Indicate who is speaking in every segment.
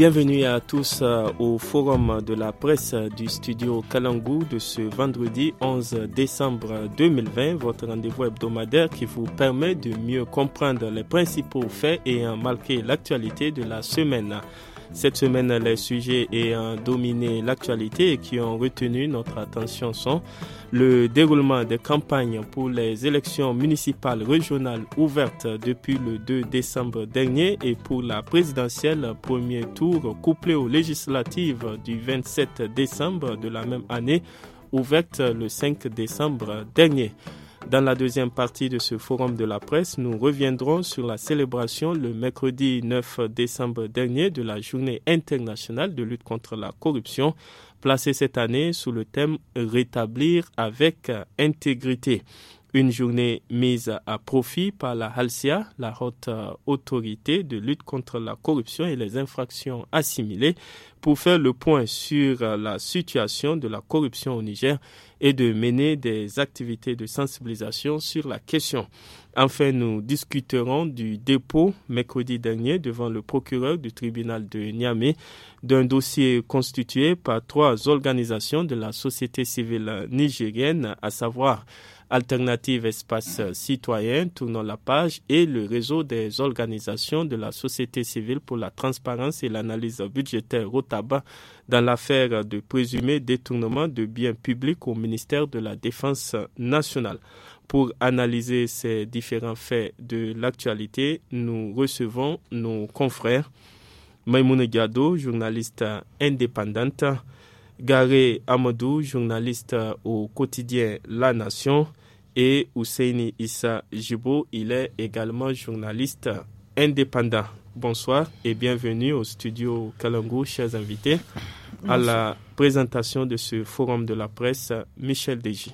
Speaker 1: Bienvenue à tous euh, au forum de la presse du studio Kalangou de ce vendredi 11 décembre 2020, votre rendez-vous hebdomadaire qui vous permet de mieux comprendre les principaux faits et en marquer l'actualité de la semaine. Cette semaine, les sujets ayant dominé l'actualité et qui ont retenu notre attention sont le déroulement des campagnes pour les élections municipales régionales ouvertes depuis le 2 décembre dernier et pour la présidentielle premier tour couplé aux législatives du 27 décembre de la même année ouverte le 5 décembre dernier. Dans la deuxième partie de ce forum de la presse, nous reviendrons sur la célébration le mercredi 9 décembre dernier de la journée internationale de lutte contre la corruption, placée cette année sous le thème Rétablir avec intégrité. Une journée mise à profit par la HALCIA, la haute euh, autorité de lutte contre la corruption et les infractions assimilées, pour faire le point sur euh, la situation de la corruption au Niger et de mener des activités de sensibilisation sur la question. Enfin, nous discuterons du dépôt mercredi dernier devant le procureur du tribunal de Niamey d'un dossier constitué par trois organisations de la société civile nigérienne, à savoir Alternative Espace Citoyen, tournant la page, et le réseau des organisations de la société civile pour la transparence et l'analyse budgétaire au tabac dans l'affaire de présumé détournement de biens publics au ministère de la Défense nationale. Pour analyser ces différents faits de l'actualité, nous recevons nos confrères Maïmoune Gado, journaliste indépendante, Garé Amadou, journaliste au quotidien La Nation, et Ousseini Issa Jibo. Il est également journaliste indépendant. Bonsoir et bienvenue au studio Kalangou, chers invités, à la présentation de ce forum de la presse, Michel Deji.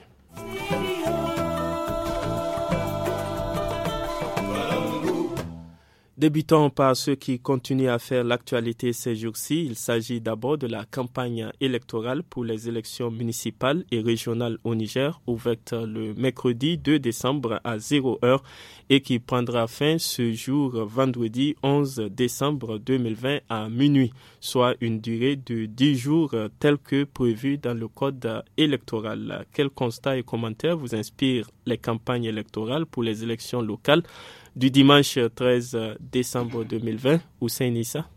Speaker 1: Débutons par ce qui continue à faire l'actualité ces jours-ci. Il s'agit d'abord de la campagne électorale pour les élections municipales et régionales au Niger, ouverte le mercredi 2 décembre à 0 heure, et qui prendra fin ce jour vendredi 11 décembre 2020 à minuit, soit une durée de 10 jours telle que prévue dans le code électoral. Quels constats et commentaires vous inspirent les campagnes électorales pour les élections locales du dimanche 13 euh, décembre 2020, saint Nissa.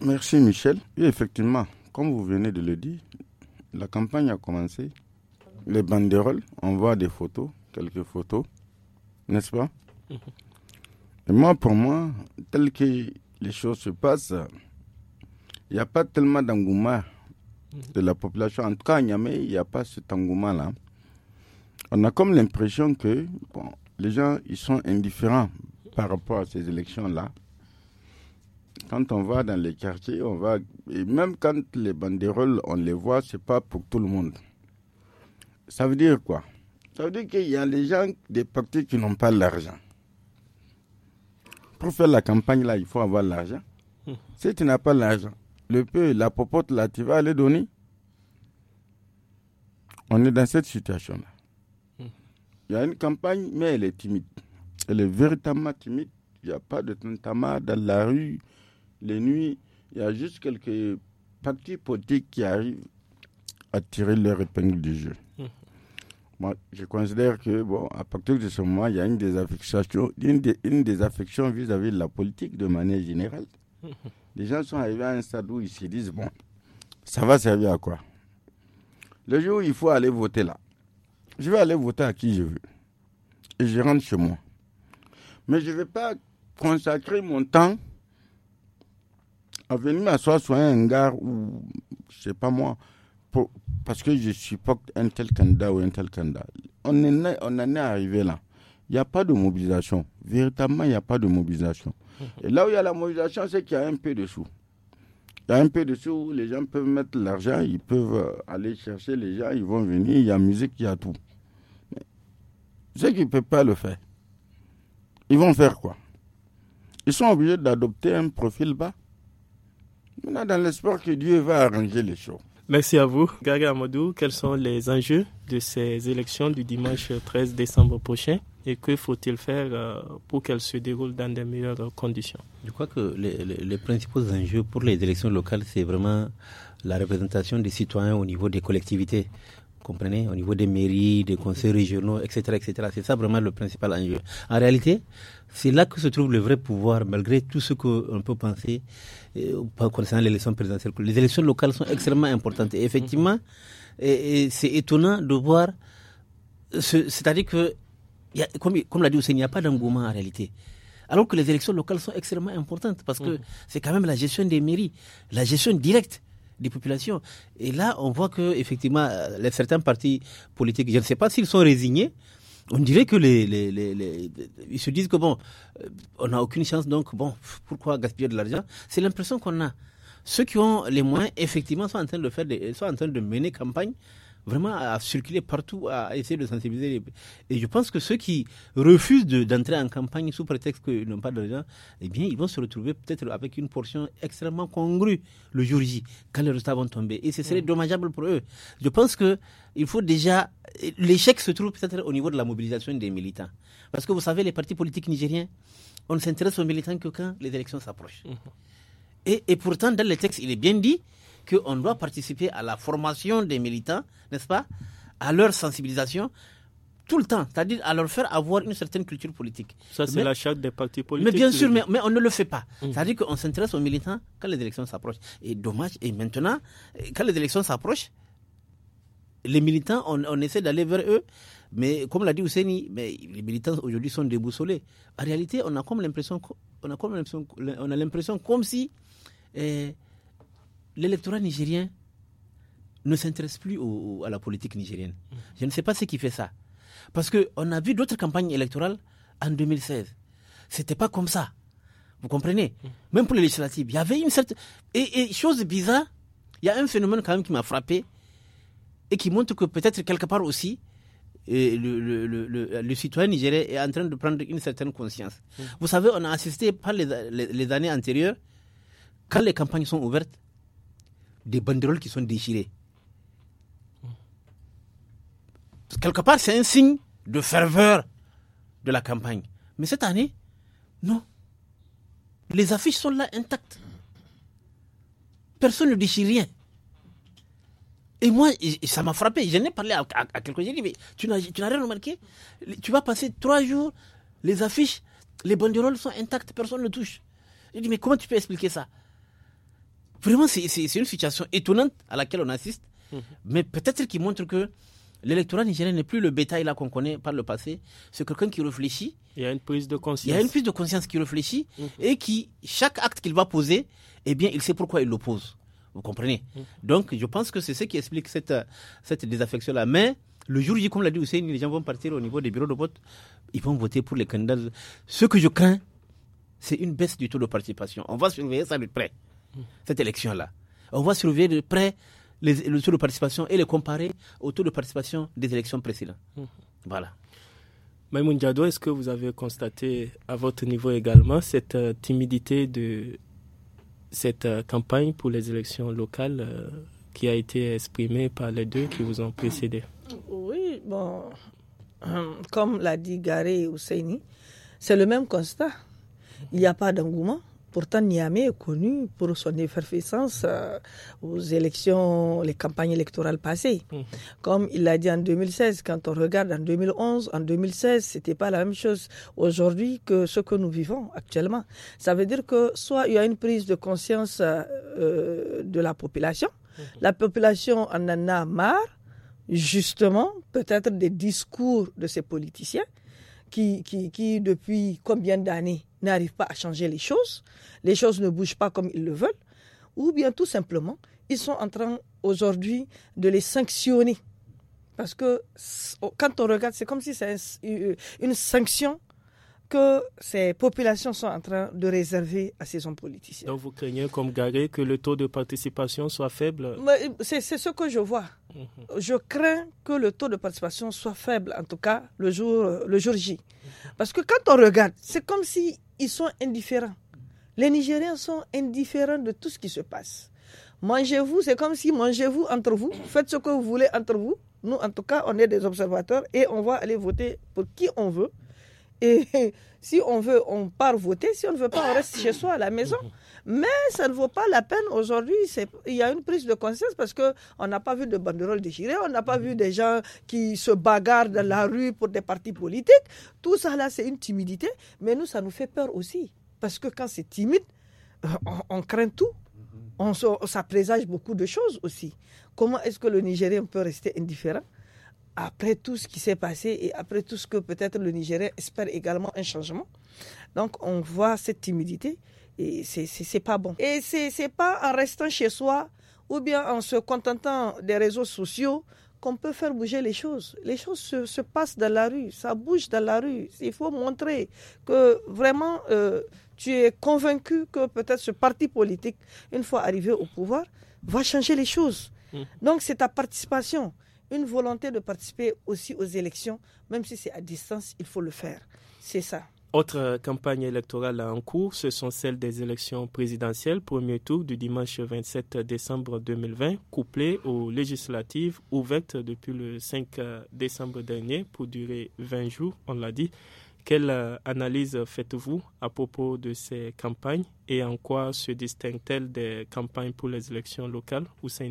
Speaker 2: Merci Michel. effectivement, comme vous venez de le dire, la campagne a commencé. Les banderoles, on voit des photos, quelques photos, n'est-ce pas mm-hmm. Et moi, pour moi, tel que les choses se passent, il n'y a pas tellement d'engouement mm-hmm. de la population. En tout cas, il n'y a pas cet engouement-là. On a comme l'impression que, bon, les gens, ils sont indifférents par rapport à ces élections-là. Quand on va dans les quartiers, on va et même quand les banderoles, on les voit, c'est pas pour tout le monde. Ça veut dire quoi Ça veut dire qu'il y a des gens des partis qui n'ont pas l'argent. Pour faire la campagne là, il faut avoir l'argent. Hmm. Si tu n'as pas l'argent, le peu, la popote là, tu vas aller donner. On est dans cette situation-là. Il y a une campagne, mais elle est timide. Elle est véritablement timide. Il n'y a pas de tentama dans la rue, les nuits. Il y a juste quelques partis politiques qui arrivent à tirer leur épingle du jeu. Hum. Moi, je considère que, bon, à partir de ce moment, il y a une désaffection, une, une désaffection vis-à-vis de la politique de manière générale. Hum. Les gens sont arrivés à un stade où ils se disent, bon, ça va servir à quoi Le jour où il faut aller voter là, je vais aller voter à qui je veux. Et je rentre chez moi. Mais je ne vais pas consacrer mon temps à venir m'asseoir sur un hangar ou, je ne sais pas moi, parce que je supporte un tel candidat ou un tel candidat. On, on en est arrivé là. Il n'y a pas de mobilisation. Véritablement, il n'y a pas de mobilisation. Et là où il y a la mobilisation, c'est qu'il y a un peu de sous. Il y a un peu de sous où les gens peuvent mettre l'argent, ils peuvent euh, aller chercher les gens, ils vont venir, il y a musique, il y a tout. Ceux qui ne peuvent pas le faire, ils vont faire quoi Ils sont obligés d'adopter un profil bas. Maintenant, dans l'espoir que Dieu va arranger les choses.
Speaker 1: Merci à vous. Gaga Amadou, quels sont les enjeux de ces élections du dimanche 13 décembre prochain et que faut-il faire euh, pour qu'elles se déroulent dans de meilleures conditions Je crois que
Speaker 3: les, principaux enjeux pour les élections locales, c'est vraiment la représentation des citoyens au niveau des collectivités comprenez, au niveau des mairies, des conseils régionaux, etc., etc. C'est ça vraiment le principal enjeu. En réalité, c'est là que se trouve le vrai pouvoir, malgré tout ce qu'on peut penser euh, concernant les élections présidentielles. Les élections locales sont extrêmement importantes. Et effectivement, et, c'est étonnant de voir, c'est-à-dire que, comme, l'a dit aussi il n'y a pas d'engouement en réalité. Alors que les élections locales sont extrêmement importantes parce que mmh. c'est quand même la gestion des mairies, la gestion directe des populations. Et là, on voit que effectivement, euh, les certains partis politiques, je ne sais pas s'ils sont résignés. On dirait que les, les, les, ils se disent que bon, euh, on n'a aucune chance, donc bon, pourquoi gaspiller de l'argent C'est l'impression qu'on a. Ceux qui ont les moyens, effectivement, sont en train de faire, sont en train de mener campagne vraiment à circuler partout, à essayer de sensibiliser. Et je pense que ceux qui refusent d'entrer en campagne sous prétexte qu'ils n'ont pas d'argent, eh bien, ils vont se retrouver peut-être avec une portion extrêmement congrue le jour J, quand les résultats vont tomber. Et ce serait mm. dommageable pour eux. Je pense que il faut déjà. L'échec se trouve peut-être au niveau de la mobilisation des militants. Parce que vous savez, les partis politiques nigériens, on ne s'intéresse aux militants que quand les élections s'approchent. Mm-hmm. Et, et pourtant, dans les textes, il est bien dit qu'on doit participer à la formation des militants, n'est-ce pas À leur sensibilisation tout le temps, c'est-à-dire à leur faire avoir une certaine culture politique. Ça, c'est la
Speaker 1: charte des partis politiques. Mais bien sûr,
Speaker 3: mais, on ne le fait pas. Mmh. C'est-à-dire qu'on s'intéresse aux militants quand les élections s'approchent. Et dommage, et maintenant, quand les élections s'approchent, les militants, on, essaie d'aller vers eux. Mais comme l'a dit Ouseni, mais les militants aujourd'hui sont déboussolés. En réalité, on a comme l'impression, on a comme l'impression, on a l'impression comme si eh, l'électorat nigérien ne s'intéresse plus à la politique nigérienne. Je ne sais pas ce qui fait ça. Parce qu'on a vu d'autres campagnes électorales en 2016. Ce n'était pas comme ça. Vous comprenez Même pour les législatives, il y avait une certaine... Et, chose bizarre, il y a un phénomène quand même qui m'a frappé et qui montre que peut-être quelque part aussi, euh, le, citoyen nigérien est en train de prendre une certaine conscience. Mm. Vous savez, on a assisté par les, années antérieures, quand les campagnes sont ouvertes, des banderoles qui sont déchirées. Quelque part, c'est un signe de ferveur de la campagne. Mais cette année, non. Les affiches sont là intactes. Personne ne déchire rien. Et moi, ça m'a frappé. J'en ai parlé à, à, à quelqu'un. J'ai dit, mais tu n'as rien remarqué Tu vas passer trois jours, les affiches, les banderoles sont intactes, personne ne touche. Je dit, mais comment tu peux expliquer ça Vraiment, c'est une situation étonnante à laquelle on assiste, mhm. mais peut-être qui montre que l'électorat nigérien n'est plus le bétail là qu'on connaît par le passé. C'est quelqu'un qui réfléchit. Il y a une prise de conscience. Il y a une prise de conscience qui réfléchit mhm. et qui, chaque acte qu'il va poser, eh bien, il sait pourquoi il l'oppose. Vous comprenez mhm. Donc, je pense que c'est ce qui explique cette, cette désaffection-là. Mais le jour où, comme l'a dit Hussein, les gens vont partir au niveau des bureaux de vote. Ils vont voter pour les candidats. Ce que je crains, c'est une baisse du taux de participation. On va surveiller ça de près cette élection-là. On va surveiller de près le taux de participation et le comparer au taux de participation
Speaker 1: des élections précédentes. Mmh. Voilà. Maïmoun Diado, est-ce que vous avez constaté à votre niveau également cette euh, timidité de cette euh, campagne pour les élections locales euh, qui a été exprimée par les deux qui vous ont précédé
Speaker 4: Oui, bon, comme l'a dit Garé Ousseini, c'est le même constat. Il n'y a pas d'engouement, Pourtant, Niamey est connu pour son effervescence euh, aux élections, les campagnes électorales passées. Mmh. Comme il l'a dit en 2016, quand on regarde en 2011, en 2016, c'était pas la même chose aujourd'hui que ce que nous vivons actuellement. Ça veut dire que soit il y a une prise de conscience euh, euh, de la population, mmh. la population en en a marre, justement, peut-être des discours de ces politiciens qui, qui, qui depuis combien d'années n'arrivent pas à changer les choses, les choses ne bougent pas comme ils le veulent, ou bien tout simplement, ils sont en train aujourd'hui de les sanctionner. Parce que oh, quand on regarde, c'est comme si c'est une sanction que ces populations sont en train de réserver à ces hommes politiciens.
Speaker 1: Donc vous craignez comme Garé que le taux de participation soit faible
Speaker 4: C'est ce que je vois. Mhm. Je crains que le taux de participation soit faible, en tout cas le jour, le jour J. Parce que quand on regarde, c'est comme si ils sont indifférents. Les Nigériens sont indifférents de tout ce qui se passe. Mangez-vous, c'est comme si mangez-vous entre vous, faites ce que vous voulez entre vous. Nous, en tout cas, on est des observateurs et on va aller voter pour qui on veut. Et si on veut, on part voter. Si on ne veut pas, on reste chez soi à la maison. Mais ça ne vaut pas la peine aujourd'hui. Il y a une prise de conscience parce qu'on n'a pas vu de banderoles déchirées, on n'a pas vu des gens qui se bagarrent dans la rue pour des partis politiques. Tout ça, là, c'est une timidité. Mais nous, ça nous fait peur aussi. Parce que quand c'est timide, euh, on, craint tout. On, ça présage beaucoup de choses aussi. Comment est-ce que le Nigérien peut rester indifférent après tout ce qui s'est passé et après tout ce que peut-être le Nigérien espère également un changement Donc on voit cette timidité et c'est pas bon. Et c'est pas en restant chez soi ou bien en se contentant des réseaux sociaux qu'on peut faire bouger les choses. Les choses se, passent dans la rue, ça bouge dans la rue. Il faut montrer que vraiment euh, tu es convaincu que peut-être ce parti politique, une fois arrivé au pouvoir, va changer les choses. Mmh. Donc c'est ta participation, une volonté de participer aussi aux élections, même si c'est à distance, il faut le faire. C'est ça.
Speaker 1: Autre campagne électorale en cours, ce sont celles des élections présidentielles, premier tour du dimanche 27 décembre 2020, couplées aux législatives ouvertes depuis le 5 décembre dernier pour durer 20 jours, on l'a dit. Quelle analyse faites-vous à propos de ces campagnes et en quoi se distinguent-elles des campagnes pour les élections locales ou saint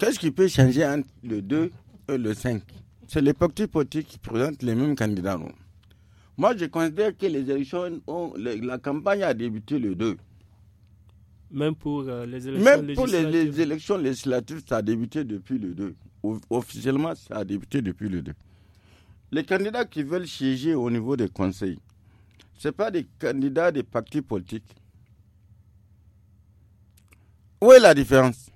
Speaker 2: Qu'est-ce qui peut changer entre le 2 et le 5 C'est les partis qui présentent les mêmes candidats. Moi, je considère que les élections ont, la campagne a débuté le 2. Euh, Même
Speaker 1: pour les élections législatives. les,
Speaker 2: élections législatives, ça a débuté depuis le 2. Officiellement, ça a débuté depuis le 2. Les candidats qui veulent siéger au niveau des conseils, ce ne pas des candidats des partis politiques. Où est la différence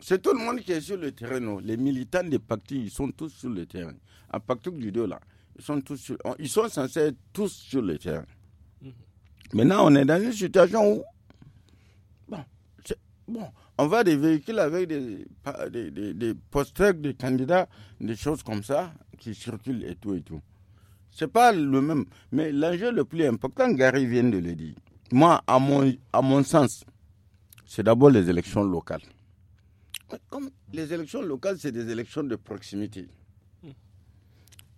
Speaker 2: C'est tout le monde qui est sur le terrain. Les militants des partis, ils sont tous sur le terrain. À partir du 2, là. Ils sont, tous ils sont censés être tous sur le terrain. Mhm. Maintenant, on est dans une situation où bon, on voit des véhicules avec des, des, post des candidats, des choses comme ça qui circulent et tout et tout. Ce n'est pas le même. Mais l'enjeu le plus important, Gary vient de le dire. Moi, à mon, à mon sens, c'est d'abord les élections locales. les élections locales, c'est des élections de proximité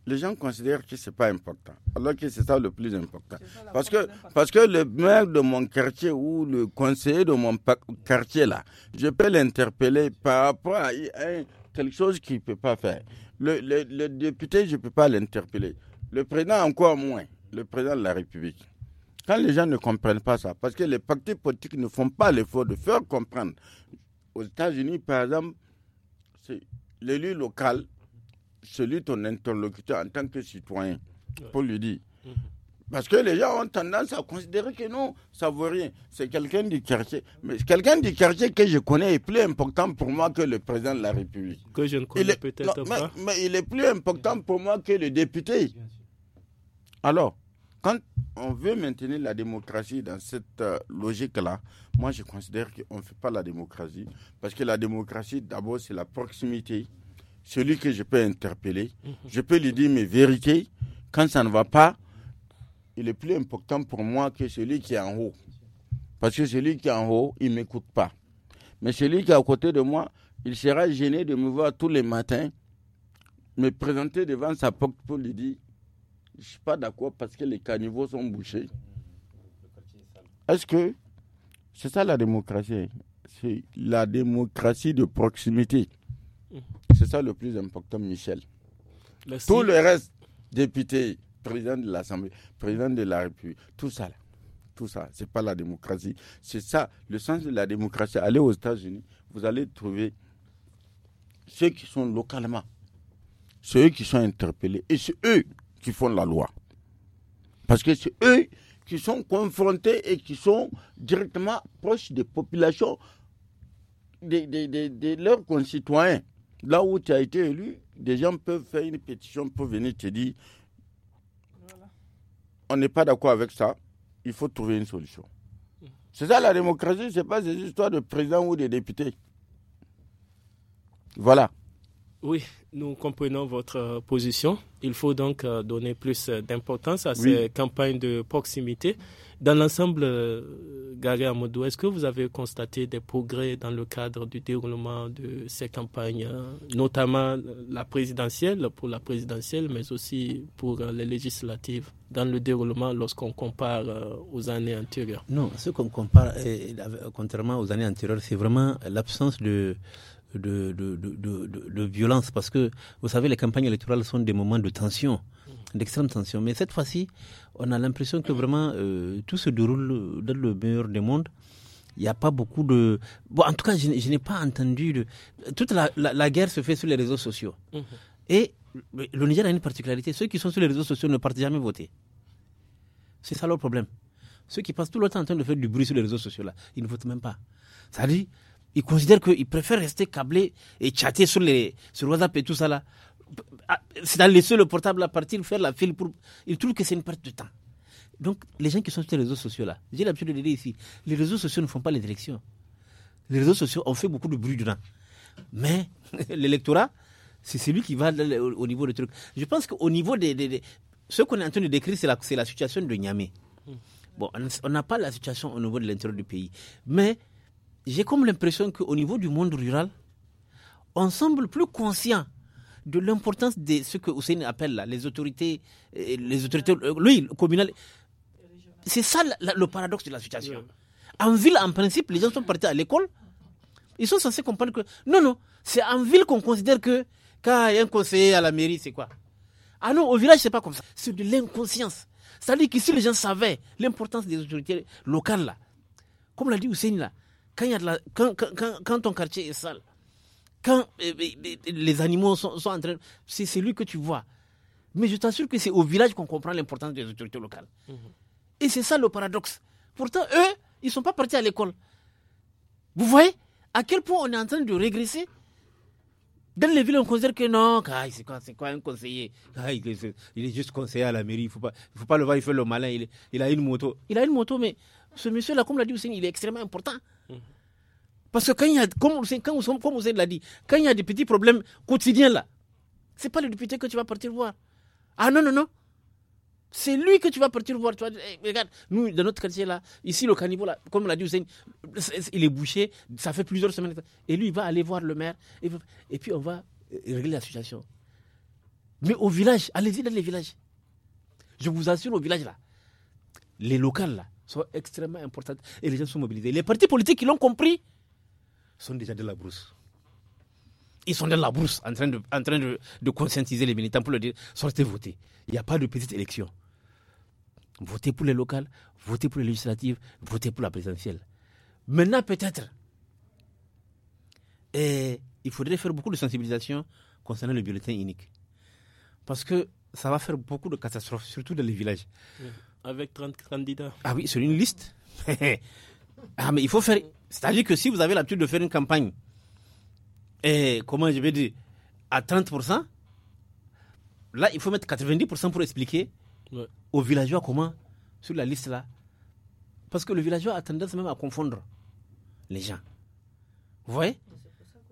Speaker 2: les gens considèrent que ce n'est pas important, alors que c'est ça le plus important. Parce que, parce que le maire de mon quartier ou le conseiller de mon quartier, là, je peux l'interpeller par rapport à, quelque chose qu'il ne peut pas faire. Le, le député, je ne peux pas l'interpeller. Le président, encore moins. Le président de la République. Quand les gens ne comprennent pas ça, parce que les partis politiques ne font pas l'effort de faire comprendre. Aux États-Unis, par exemple, l'élu local celui ton interlocuteur en tant que citoyen pour lui dire. Mm-hmm. Parce que les gens ont tendance à considérer que non, ça vaut rien. C'est quelqu'un du quartier. Mais quelqu'un du quartier que je connais est plus important pour moi que le président de la République. Que je ne connais peut-être pas. mais, il est plus important pour moi que le député. Alors, quand on veut maintenir la démocratie dans cette euh, logique-là, moi je considère qu'on ne fait pas la démocratie. Parce que la démocratie, d'abord, c'est la proximité celui que je peux interpeller, mhm. je peux lui dire mes vérités. Quand ça ne va pas, il est plus important pour moi que celui qui est en haut. Parce que celui qui est en haut, il ne m'écoute pas. Mais celui qui est à côté de moi, il sera gêné de me voir tous les matins, me présenter devant sa porte pour lui dire Je ne suis pas d'accord parce que les caniveaux sont bouchés. Est-ce que c'est ça la démocratie C'est la démocratie de proximité c'est ça le plus important, Michel. tout le reste, député, président de l'Assemblée, président de la République, tout ça, tout ça, c'est pas la démocratie. C'est ça, le sens de la démocratie. Allez aux États-Unis, vous allez trouver ceux qui sont localement, ceux qui sont interpellés et c'est eux qui font la loi. Parce que c'est eux qui sont confrontés et qui sont directement proches des populations, de leurs concitoyens. Là où tu as été élu, des gens peuvent faire une pétition pour venir te dire on n'est pas d'accord avec ça, il faut trouver une solution. C'est ça la démocratie, ce n'est pas des histoires de président ou de députés. Voilà. Oui,
Speaker 1: nous comprenons votre position. Il faut donc euh, donner plus euh, d'importance à ces campagnes de proximité. Dans l'ensemble, euh, Gary Amadou, est-ce que vous avez constaté des progrès dans le cadre du déroulement de ces campagnes, notamment la présidentielle, pour la présidentielle, mais aussi pour les législatives, dans le déroulement lorsqu'on compare aux années antérieures
Speaker 3: Non, ce qu'on compare, contrairement aux années antérieures, c'est vraiment l'absence de de, de, de, violence, parce que, vous savez, les campagnes électorales sont des moments de tension, d'extrême tension. Mais cette fois-ci, on a l'impression que vraiment euh, tout se déroule dans le meilleur des mondes. Il n'y a pas beaucoup de... Bon, en tout cas, je, n'ai pas entendu de... Toute la, guerre se fait sur les réseaux sociaux. Mhm. Et le Niger a une particularité. Ceux qui sont sur les réseaux sociaux ne partent jamais voter. C'est ça leur problème. Ceux qui passent tout le temps en train de faire du bruit sur les réseaux sociaux, là, ils ne votent même pas. Ça dit, ils considèrent qu'ils préfèrent rester câblés et chatter sur, les, sur WhatsApp et tout ça là. Ah, c'est à laisser le portable à partir, faire la file pour. Ils trouvent que c'est une perte de temps. Donc, les gens qui sont sur les réseaux sociaux là, j'ai l'habitude de dire ici, les réseaux sociaux ne font pas les élections. Les réseaux sociaux ont fait beaucoup de bruit dedans. Mais l'électorat, c'est celui qui va au niveau des trucs. Je pense qu'au niveau des. ce qu'on est en train de décrire, c'est la, la, situation de Niamey. Mm. Bon, on n'a pas la situation au niveau de l'intérieur du pays. Mais j'ai comme l'impression qu'au niveau du monde rural, on semble plus conscient de l'importance de ce que Hussein appelle là, les autorités, euh, les autorités, euh, lui, communal. C'est ça le paradoxe de la situation. En ville, en principe, les gens sont partis à l'école. Ils sont censés comprendre que non, non, c'est en ville qu'on considère que quand il y a un conseiller à la mairie, c'est quoi Ah non, au village, c'est pas comme ça. C'est de l'inconscience. C'est-à-dire qu'ici, les gens savaient l'importance des autorités locales là. Comme l'a dit Hussein là, quand, ton quartier est sale, quand eh, eh, eh, les animaux sont, en train. C'est lui que tu vois. Mais je t'assure que c'est au village qu'on comprend l'importance des autorités locales. Mhm. Et c'est ça le paradoxe. Pourtant, eux, ils ne sont pas partis à l'école. Vous voyez à quel point on est en train de régresser dans les villes, on considère que non, c'est quoi, un conseiller Il est juste conseiller à la mairie, il ne faut, pas, le voir, il fait le malin, il a une moto. Il a une moto, mais ce monsieur-là, comme l'a dit Hussein, il est extrêmement important. Mhm. Parce que quand il y a, comme, comme, l'a dit, quand il y a des petits problèmes quotidiens là, n'est pas le député que tu vas partir voir. Ah non, non, non. C'est lui que tu vas partir voir. Eh, regarde, nous, dans notre quartier là, ici, le caniveau là, comme l'a dit Hussein, il est bouché, ça fait plusieurs semaines. Et lui, il va aller voir le maire, et, et puis on va euh, régler la situation. Mais au village, allez-y dans les villages. Je vous assure, au village là, les locales là, sont extrêmement importantes et les gens sont mobilisés. Les partis politiques qui l'ont compris sont déjà de la brousse. Ils sont dans la brousse en train de, en train de, conscientiser les militants pour leur dire sortez voter. Il n'y a pas de petite élection. Votez pour les locales, votez pour les législatives, votez pour la présidentielle. Maintenant, peut-être, il faudrait faire beaucoup de sensibilisation concernant le bulletin unique. Parce que ça va faire beaucoup de catastrophes, surtout dans les villages
Speaker 1: avec 30 candidats. Ah oui,
Speaker 3: sur une liste Ah, mais il faut faire. C'est-à-dire que si vous avez l'habitude de faire une campagne, et eh, comment je vais dire, à 30%, là, il faut mettre 90% pour expliquer aux villageois comment, sur la liste là. Parce que le villageois a tendance même à confondre les gens. Vous voyez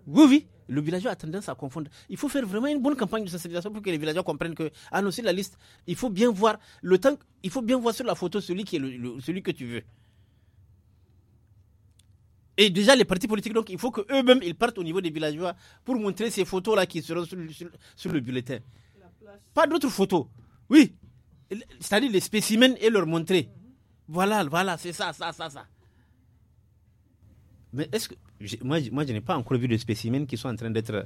Speaker 3: Vous oui le villageois a tendance à confondre. Il faut faire vraiment une bonne campagne de sensibilisation pour que les villageois comprennent que annoncer ah la liste, il faut bien voir le temps, il faut bien voir sur la photo celui qui est celui que tu veux. Et déjà les partis politiques, donc il faut queux mêmes ils partent au niveau des villageois pour montrer ces photos-là qui seront sur, sur le bulletin. Pas d'autres photos. Oui. C'est-à-dire les spécimens et leur montrer. Voilà, voilà, c'est ça, ça, ça, ça. Mais est-ce que moi, je n'ai pas encore vu de spécimens qui sont en train d'être euh,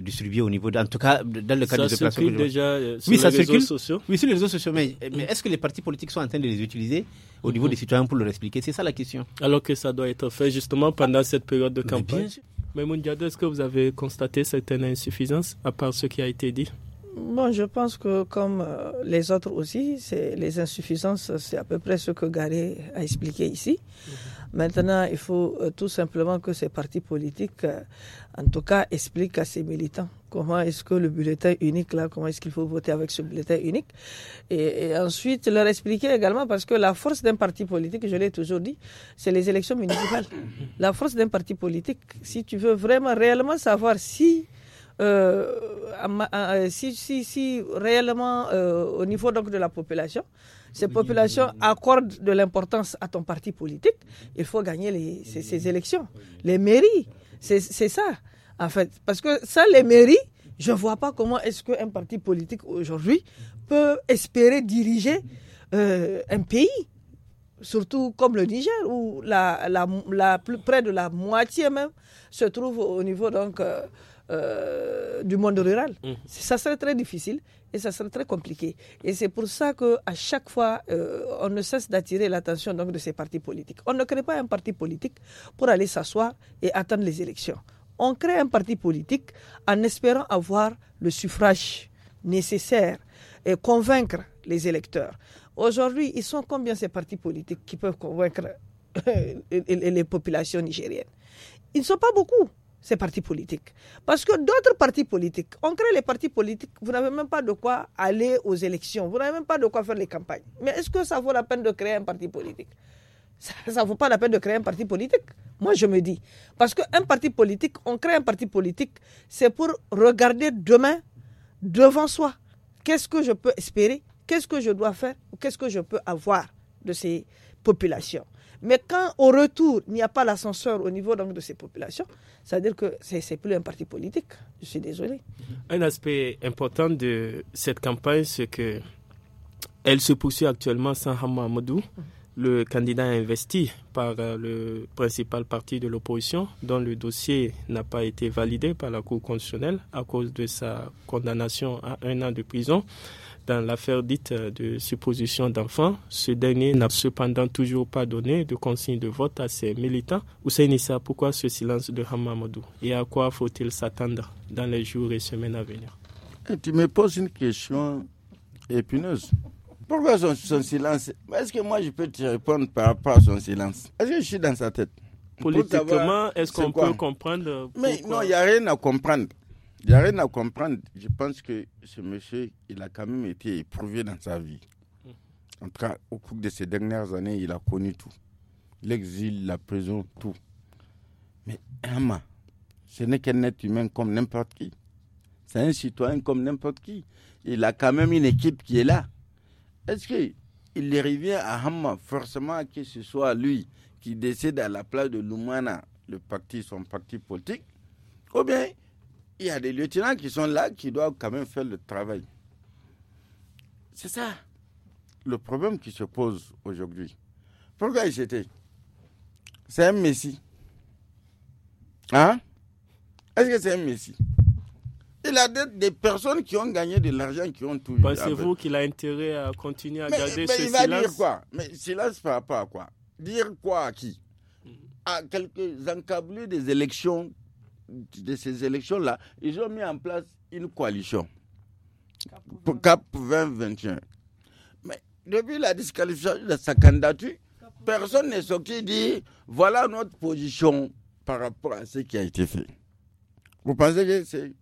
Speaker 3: distribués au niveau, en tout cas, dans le cadre de euh, Ça circule déjà sur les réseaux sociaux Oui, sur les réseaux sociaux. Mais, mm-hmm. est-ce que les partis politiques sont en train de les utiliser au niveau mm-hmm. des citoyens pour leur expliquer C'est ça la question. Alors que ça doit être fait justement pendant
Speaker 1: cette période de campagne. Mais, est-ce que vous avez constaté certaines insuffisances à part ce qui a été dit
Speaker 4: Bon, je pense que comme euh, les autres aussi, c'est les insuffisances, c'est à peu près ce que Garé a expliqué ici. Mhm. Maintenant, il faut euh, tout simplement que ces partis politiques, euh, en tout cas, expliquent à ces militants comment est-ce que le bulletin unique, là, comment est-ce qu'il faut voter avec ce bulletin unique. et, ensuite, leur expliquer également, parce que la force d'un parti politique, je l'ai toujours dit, c'est les élections municipales. La force d'un parti politique, si tu veux vraiment, réellement savoir si euh, euh, euh, si, si, si, réellement au niveau donc de la population, ces populations accordent de l'importance à ton parti politique, il faut gagner ces, élections, les mairies. C'est ça, en fait. Parce que ça, les mairies, je ne vois pas comment est-ce qu'un parti politique aujourd'hui peut espérer diriger un pays surtout comme le Niger, où la, la, près de la moitié même se trouve au niveau donc, euh, du monde rural. Mmh. Ça serait très difficile et ça serait très compliqué. Et c'est pour ça qu'à chaque fois, euh, on ne cesse d'attirer l'attention donc de ces partis politiques. On ne crée pas un parti politique pour aller s'asseoir et attendre les élections. On crée un parti politique en espérant avoir le suffrage nécessaire et convaincre les électeurs. Aujourd'hui, ils sont combien ces partis politiques qui peuvent convaincre les populations nigériennes Ils ne sont pas beaucoup ces partis politiques. Parce que d'autres partis politiques, on crée les partis politiques, vous n'avez même pas de quoi aller aux élections, vous n'avez même pas de quoi faire les campagnes. Mais est-ce que ça vaut la peine de créer un parti politique ça ne vaut pas la peine de créer un parti politique. Moi, je me dis. Parce qu'un parti politique, on crée un parti politique, c'est pour regarder demain, devant soi, qu'est-ce que je peux espérer, qu'est-ce que je dois faire, ou qu'est-ce que je peux avoir de ces populations. Mais quand au retour, il n'y a pas l'ascenseur au niveau de ces populations, c'est-à-dire que ce n'est plus un parti politique. Je suis désolé. Mm-hmm.
Speaker 1: Un aspect important de cette campagne, c'est que elle se poursuit actuellement sans Hamamadou, mm-hmm. le candidat investi par euh, le principal parti de l'opposition, dont le dossier n'a pas été validé par la Cour constitutionnelle à cause de sa condamnation à un an de prison dans l'affaire dite euh, de supposition d'enfant, Ce dernier n'a cependant toujours pas donné de consigne de vote à ses militants. Hussein Issa, pourquoi ce silence de Hamamadou Et à quoi faut-il s'attendre dans les jours et semaines à venir
Speaker 2: eh, Tu me poses une question épineuse. Pourquoi son, silence Est-ce que moi je peux te répondre par rapport à son silence Est-ce que je suis dans sa tête Politiquement, est-ce qu'on peut comprendre euh, Mais non, il n'y a rien à comprendre. Il n'y a rien à comprendre. Je pense que ce monsieur, il a quand même été éprouvé dans sa vie. Mm. En tout au cours de ces dernières années, il a connu tout. L'exil, la prison, tout. Mais Hamma, ce n'est qu'un être humain comme n'importe qui. C'est un citoyen comme n'importe qui. Il a quand même une équipe qui est là. Est-ce qu'il revient à Hamma forcément que ce soit lui qui décède à la place de Lumana, le parti, son parti politique Ou bien il y a des lieutenants qui sont là qui doivent quand même faire le travail. C'est ça le problème qui se pose aujourd'hui. Pourquoi il s'était C'est un messie. Hein Est-ce que c'est un messie il a des, personnes qui ont gagné de l'argent, qui ont tout Pensez-vous qu'il a intérêt à continuer à garder ce il va dire quoi Mais silence par rapport à quoi Dire quoi à qui mm. À quelques encablés des élections de ces élections-là, ils ont mis en place une coalition pour CAP 2021. Mais depuis la disqualification de sa candidature, personne n'est sorti dit voilà notre position par rapport à ce qui a été fait. Vous pensez que c'est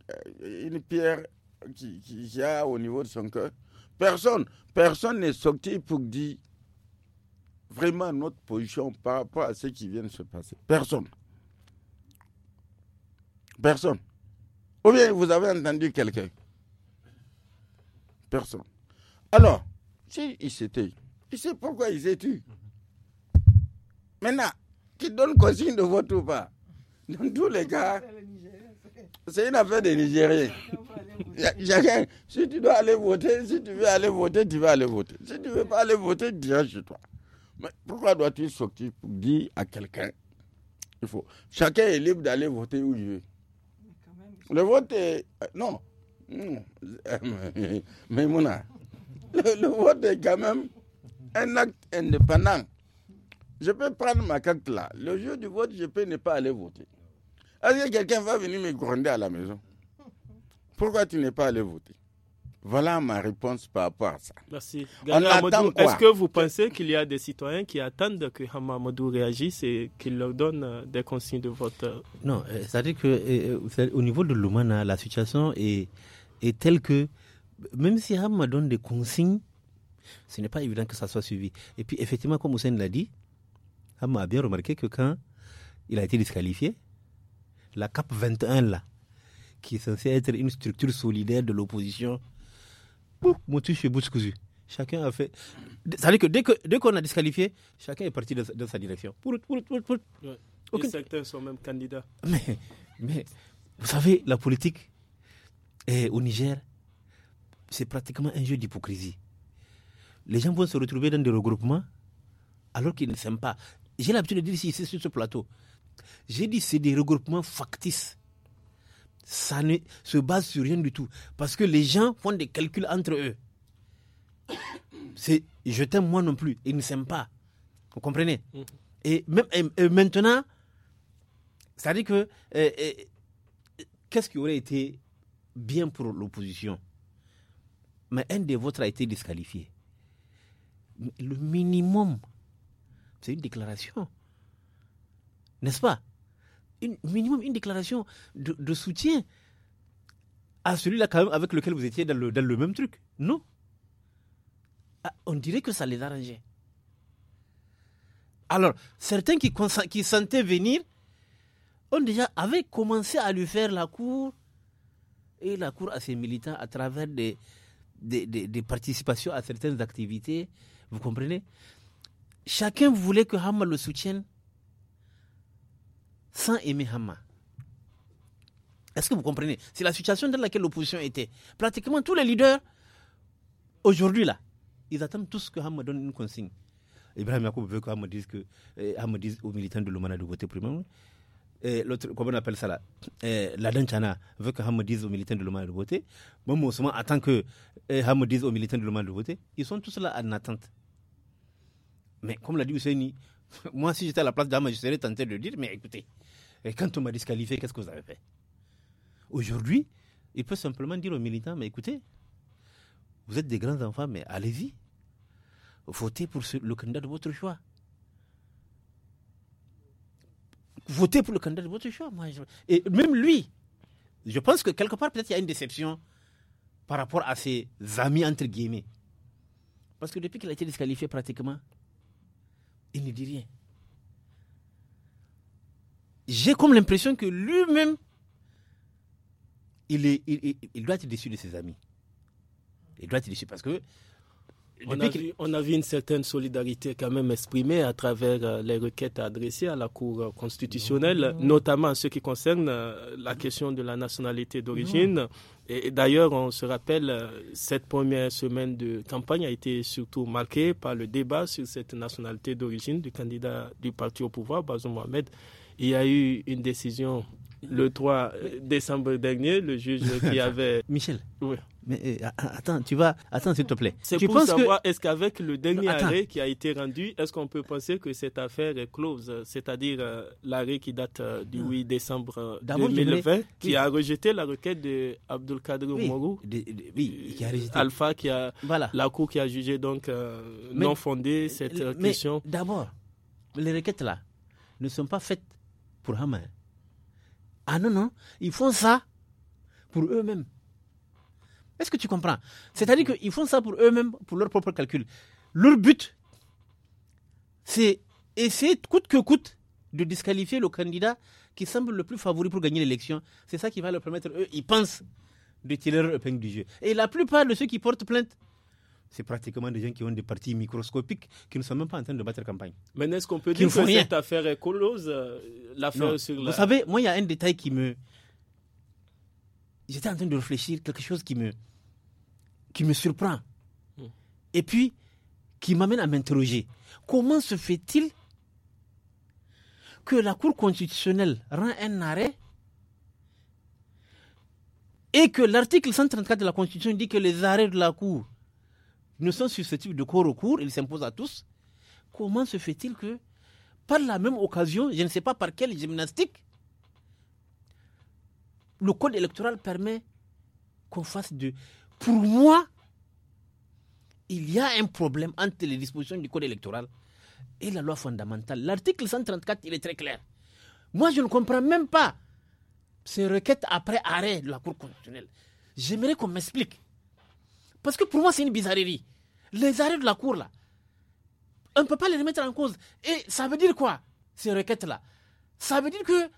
Speaker 2: euh, une pierre qui, y a au niveau de son cœur Personne, personne n'est sorti pour dire vraiment notre position par rapport à ce qui vient de se passer. Personne. Personne. Ou bien vous avez entendu quelqu'un Personne. Alors, s'il si s'était, il sait pourquoi il s'est tué. Maintenant, qui donne consigne de vote ou pas Dans tous les cas, c'est une affaire des Nigériens. Chacun, si tu dois aller voter, si tu veux aller voter, tu vas aller voter. Si tu ne veux pas aller voter, tu viens chez toi. Mais pourquoi dois-tu sortir pour dire à quelqu'un Il faut. Chacun est libre d'aller voter où il veut. Le vote est. Euh, non. Hmm. Mais Mouna, le, vote est quand même un acte indépendant. Je peux prendre ma carte là. Le jour du vote, je peux ne pas aller voter. Est-ce que quelqu'un va venir me gronder à la maison Pourquoi tu n'es pas allé voter voilà ma réponse par rapport à ça. Merci. Est-ce que
Speaker 1: vous pensez qu'il y a des citoyens qui attendent que Hamamadou réagisse et qu'il leur donne euh, des consignes de vote Non, euh,
Speaker 3: c'est-à-dire qu'au euh, niveau de l'Oumana, la situation est, telle que même si Hamamadou donne des consignes, ce n'est pas évident que ça soit suivi. Et puis, effectivement, comme Hussein l'a dit, Hamma a bien remarqué que quand il a été disqualifié, la CAP 21, là, qui est censée être une structure solidaire de l'opposition, Chacun a fait. vous savez que dès qu'on a disqualifié, chacun est parti dans, sa direction.
Speaker 1: Pour, pour, pour. Les secteurs sont même candidats.
Speaker 3: Mais, vous savez, la politique eh, au Niger, c'est pratiquement un jeu d'hypocrisie. Les gens vont se retrouver dans des regroupements alors qu'ils ne s'aiment pas. J'ai l'habitude de dire ici, sur ce plateau, j'ai dit c'est des regroupements factices ça ne se base sur rien du tout. Parce que les gens font des calculs entre eux. C'est je t'aime moi non plus. Ils ne s'aiment pas. Vous comprenez mm-hmm. et, même, et maintenant, ça dit que euh, euh, qu'est-ce qui aurait été bien pour l'opposition Mais un des vôtres a été disqualifié. Le minimum, c'est une déclaration. N'est-ce pas minimum une déclaration de, soutien à celui-là quand même avec lequel vous étiez dans le, même truc. Non. Ah, on dirait que ça les arrangeait. Alors, certains qui, qui sentaient venir ont déjà avaient commencé à lui faire la cour et la cour à ses militants à travers des, des, participations à certaines activités. Vous comprenez Chacun voulait que Hamal le soutienne sans aimer Hamma. Est-ce que vous comprenez C'est la situation dans laquelle l'opposition était. Pratiquement tous les leaders, aujourd'hui là, ils attendent tous que Hamma donne une consigne. Ibrahim Yacoub veut dise, que, eh, Hamma dise aux militants de l'Oman de voter et eh, L'autre, comment on appelle ça là Ladan eh, La Danchana veut que Hamma dise aux militants de l'Oman de voter. Bon, moi, en attend que Hamma dise aux militants de l'Oman de voter. Ils sont tous là en attente. Mais comme l'a dit Ousseini, Moi, si j'étais à la place d'un je serais tenté de dire, mais écoutez, quand on m'a disqualifié, qu'est-ce que vous avez fait Aujourd'hui, il peut simplement dire aux militants, mais écoutez, vous êtes des grands enfants, mais allez-y. Votez pour le candidat de votre choix. Votez pour le candidat de votre choix. Moi, Et même lui, je pense que quelque part, peut-être, il y a une déception par rapport à ses amis, entre guillemets. Parce que depuis qu'il a été disqualifié pratiquement, il ne dit rien. J'ai comme l'impression que lui-même, il, il, doit être déçu de ses amis. Il doit être déçu parce que
Speaker 1: on a, vu, une certaine solidarité quand même exprimée à travers euh, les requêtes adressées à la Cour euh, constitutionnelle, notamment en ce qui concerne euh, la question de la nationalité d'origine. Et d'ailleurs, on se rappelle, cette première semaine de campagne a été surtout marquée par le débat sur cette nationalité d'origine du candidat du parti au pouvoir, Bazoum Mohamed. Il y a eu une décision le 3 décembre dernier, le juge qui avait... Michel, oui.
Speaker 3: Mais euh, attends, tu vas. Attends, s'il te plaît. C'est pour savoir, est-ce
Speaker 1: qu'avec le dernier arrêt qui a été rendu, est-ce qu'on peut penser que cette affaire est close euh, C'est-à-dire euh, l'arrêt qui date du 8 décembre 2020, qui a rejeté la requête de Abdul Mourou. oui, qui a rejeté. Alpha, qui a. La Cour qui a jugé donc non fondée cette question.
Speaker 3: D'abord, les requêtes là ne sont pas faites pour Hamas. Ah non, non, ils font ça pour eux-mêmes. Est-ce que tu comprends C'est-à-dire qu'ils font ça pour eux-mêmes, pour leur propre calcul. Leur but, c'est essayer coûte que coûte de disqualifier le candidat qui semble le plus favori pour gagner l'élection. C'est ça qui va leur permettre, eux, ils pensent, de tirer leur épingle du jeu. Et la plupart de ceux qui portent plainte, c'est pratiquement des gens qui ont des partis microscopiques qui ne sont même pas en train de battre campagne. Mais est-ce qu'on peut dire que cette
Speaker 1: affaire est euh, Vous savez,
Speaker 3: moi, il y a un détail qui me, j'étais en train de réfléchir quelque chose qui me, qui me surprend. Hmm. Et puis, qui m'amène à m'interroger. Comment se fait-il que la Cour constitutionnelle rend un arrêt et que l'article 134 de la Constitution dit que les arrêts de la Cour ne sont susceptibles de court recours, ils s'imposent à tous. Comment se fait-il que, par la même occasion, je ne sais pas par quelle gymnastique, le code électoral permet qu'on fasse de... Pour moi, il y a un problème entre les dispositions du code électoral et la loi fondamentale. L'article 134, il est très clair. Moi, je ne comprends même pas ces requêtes après arrêt de la Cour constitutionnelle. J'aimerais qu'on m'explique. Parce que pour moi, c'est une bizarrerie. Les arrêts de la Cour, là, on ne peut pas les remettre en cause. Et ça veut dire quoi, ces requêtes-là Ça veut dire que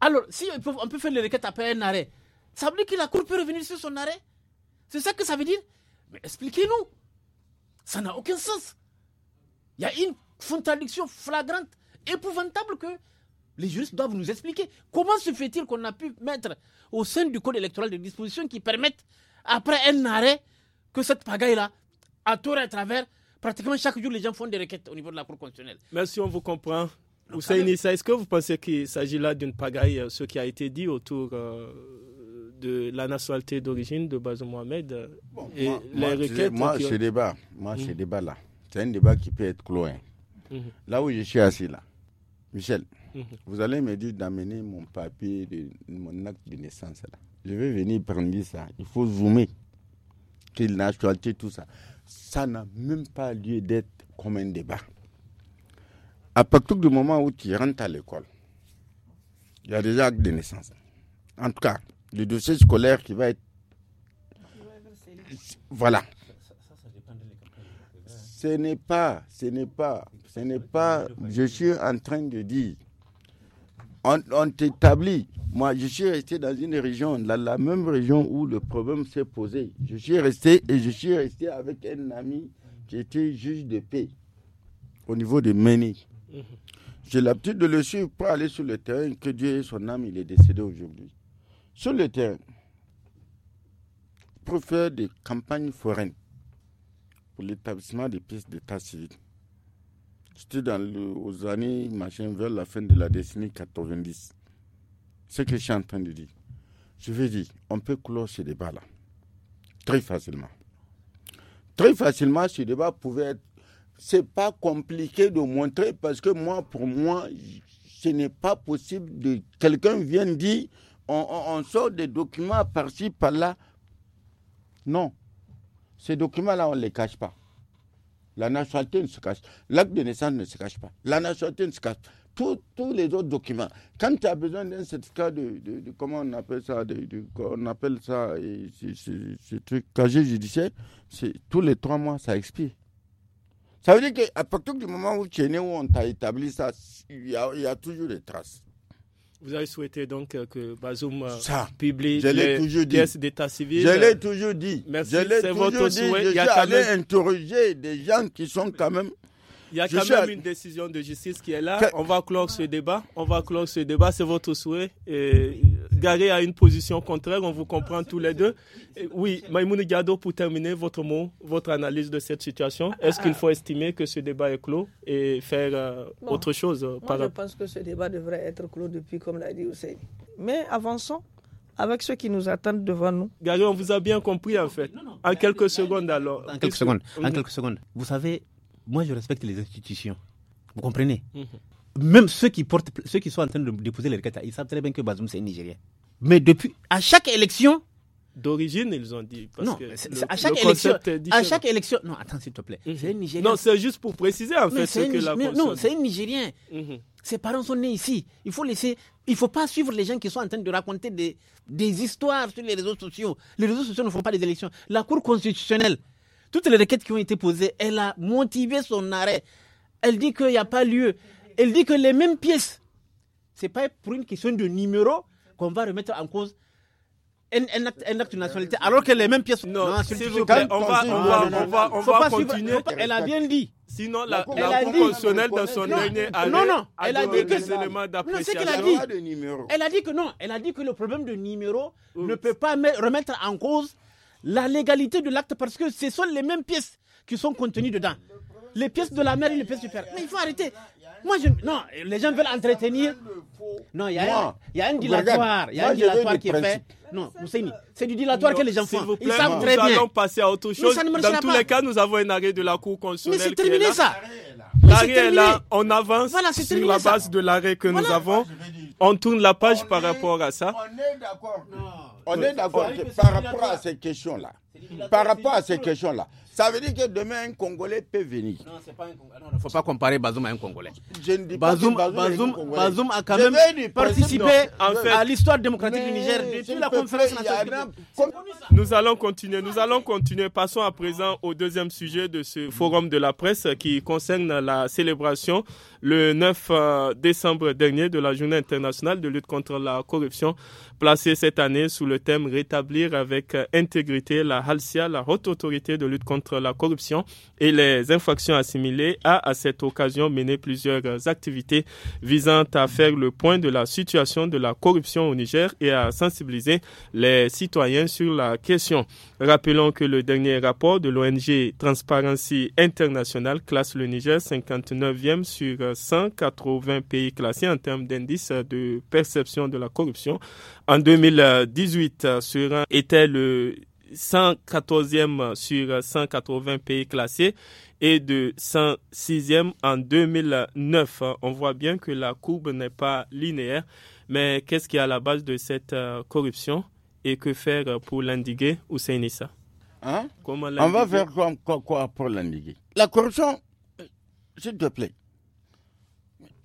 Speaker 3: alors, si on peut, faire les requêtes après un arrêt, ça veut dire que la Cour peut revenir sur son arrêt C'est ça que ça veut dire Mais expliquez-nous. Ça n'a aucun sens. Il y a une contradiction flagrante, épouvantable que les juristes doivent nous expliquer. Comment se fait-il qu'on a pu mettre au sein du Code électoral des dispositions qui permettent, après un arrêt, que cette pagaille-là, à tour à travers, pratiquement chaque jour, les gens font des requêtes au niveau de la Cour constitutionnelle.
Speaker 1: Merci, on vous comprend, savez, est-ce que vous pensez qu'il s'agit là d'une pagaille, euh, ce qui a été dit autour euh, de la nationalité d'origine de Bazo Mohamed moi, ce mmh. débat, moi,
Speaker 2: débat-là, c'est un débat qui peut être clos. Mmh. Là où je suis assis, là, Michel, mmh. vous allez me dire d'amener mon papier, de, mon acte de naissance, là. Je vais venir prendre ça. Il faut zoomer. Quelle nationalité, tout ça. Ça n'a même pas lieu d'être comme un débat. À partir du moment où tu rentres à l'école, il y a déjà actes de naissance. En tout cas, le dossier scolaire qui va être. Voilà. Ce n'est pas, ce n'est pas, ce n'est pas. Je suis en train de dire. On, t'établit. Moi, je suis resté dans une région, la, la même région où le problème s'est posé. Je suis resté et je suis resté avec un ami qui était juge de paix au niveau de Méné. J'ai l'habitude de le suivre pour aller sur le terrain, que Dieu ait son âme, il est décédé aujourd'hui. Sur le terrain, pour faire des campagnes foraines pour l'établissement des pistes d'état civil. C'était dans le, aux années, machin, vers la fin de la décennie 90. Ce que je suis en train de dire. Je veux dire, on peut clore ce débat-là. Très facilement. Très facilement, ce débat pouvait être c'est pas compliqué de montrer parce que moi, pour moi, ce n'est pas possible de quelqu'un vient dire on, on, sort des documents par-ci, par-là. Non. Ces documents-là, on ne les cache pas. La nationalité ne se cache pas. L'acte de naissance ne se cache pas. La nationalité ne se cache pas. Tous, les autres documents. Quand tu as besoin d'un certificat de, de, Comment on appelle ça de, On appelle ça. Ce truc casier judiciaire, tous les trois mois, ça expire. Ça veut dire qu'à partir du moment où tu es né, où on t'a établi ça, il y, a, toujours des traces.
Speaker 1: Vous avez souhaité donc euh, que Bazoum euh, publie je les pièces d'état civil. Je l'ai toujours dit. Merci, c'est votre souhait. Je suis allé même...
Speaker 2: interroger des gens qui sont quand même... Il y a quand même une
Speaker 1: décision de justice qui est là. On va clore ce débat. On va clore ce débat. C'est votre souhait. Et garé a une position contraire. On vous comprend tous les deux. Oui, Maïmoun Gado, pour terminer, votre mot, votre analyse de cette situation. Est-ce qu'il faut estimer que ce débat est clos et faire euh, autre chose euh, moi Je
Speaker 4: pense que ce débat devrait être clos depuis, comme l'a dit Ousseï. Mais avançons avec ceux qui nous attendent devant nous. Gary, on vous a bien compris en fait. En quelques secondes alors. En quelques secondes. En quelques
Speaker 3: secondes. Vous savez, moi je respecte les institutions. Vous comprenez mhm. Même ceux qui, portent, ceux qui sont en train de déposer les requêtes, ils savent très bien que Bazoum c'est nigérien. Mais depuis, à chaque élection. D'origine, ils ont
Speaker 1: dit. non, à, chaque élection, à chaque
Speaker 3: élection. Non, attends, s'il te plaît. Mhm. C'est Non, c'est juste pour
Speaker 1: préciser, en fait, ce que la Non, c'est un Nigérien. Mhm.
Speaker 3: Ses parents sont nés ici. Il faut laisser. Il faut pas suivre les gens qui sont en train de raconter des, des histoires sur les réseaux sociaux. Les réseaux sociaux ne font pas des élections. La Cour constitutionnelle, toutes les requêtes qui ont été posées, elle a motivé son arrêt. Elle dit qu'il n'y a pas lieu. Elle dit que les mêmes pièces, c'est pas pour une question de numéro, qu'on va remettre en cause un, acte, acte de nationalité, euh, alors que les mêmes pièces. Non, non s'il vous plaît, on va, on va, on va, on va continuer. elle a bien
Speaker 1: dit. Sinon, la, la, Cour constitutionnelle, dans son dernier non, non, elle a dit que d'appréciation.
Speaker 3: Elle a dit que non, elle a dit que le problème de numéro ne peut pas remettre en cause la légalité de l'acte parce que ce sont les mêmes pièces qui sont contenues dedans. Les pièces de la mère et les pièces du père. Mais il faut arrêter. Moi, je, non, les gens veulent entretenir. Non, il y, a, y a un dilatoire. Il y a un dilatoire qui est fait. Non, Mousseini, c'est du dilatoire que les gens font. Vous plaît, Ils savent nous nous allons
Speaker 1: passer à autre chose. Dans tous les cas, nous avons un arrêt de la Cour constitutionnelle. Mais c'est terminé ça. L'arrêt est là. On avance voilà, sur la base de l'arrêt que nous avons. On
Speaker 2: tourne la page par rapport à ça. On est d'accord. On est d'accord par rapport à ces questions-là. Par rapport à ces questions-là. Ça veut dire que demain, un Congolais peut venir. Non, c'est pas un Congolais. Ah il ne faut pas comparer Bazoum à un Congolais. Bazoum, Bazoum, a quand même participé en fait. à l'histoire démocratique du Niger depuis la conférence nationale.
Speaker 1: Nous allons continuer. Nous allons continuer. Passons à présent au deuxième sujet de ce forum de la presse qui concerne la célébration le 9 euh, décembre dernier de la Journée internationale de lutte contre la corruption, placée cette année sous le thème Rétablir avec euh, intégrité la HALCIA, la haute autorité de lutte contre la corruption et les infractions assimilées, a à cette occasion mené plusieurs euh, activités visant à faire le point de la situation de la corruption au Niger et à sensibiliser les citoyens sur la question. Rappelons que le dernier rapport de l'ONG Transparency International classe le Niger 59e sur 180 pays classés en termes d'indice de perception de la corruption. En 2018, euh, un était le 114e sur 180 pays classés et de 106e en 2009. On voit bien que la courbe n'est pas linéaire, mais qu'est-ce qui est à la base de cette euh, corruption et que faire pour l'indiguer ou ça
Speaker 2: hein? On va faire quoi, pour l'indiguer? La corruption, euh, s'il te plaît,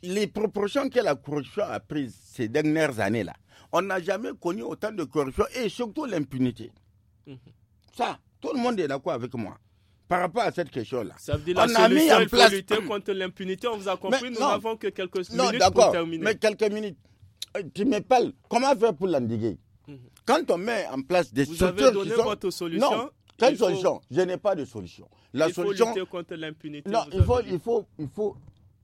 Speaker 2: les proportions que la corruption a prises ces dernières années-là, on n'a jamais connu autant de corruption et surtout l'impunité. Mhm. Ça, tout le monde est d'accord avec moi par rapport à cette question-là. on a mis en place...
Speaker 1: lutter contre l'impunité, on vous a compris, nous n'avons que quelques minutes pour terminer. Mais
Speaker 2: quelques minutes. Euh, tu me comment faire pour l'endiguer mhm. Quand on met en place des structures... Vous avez donné votre solution Non, quelle solution Je n'ai pas de solution. La il solution... faut lutter
Speaker 1: contre l'impunité. Non, il,
Speaker 2: faut, il faut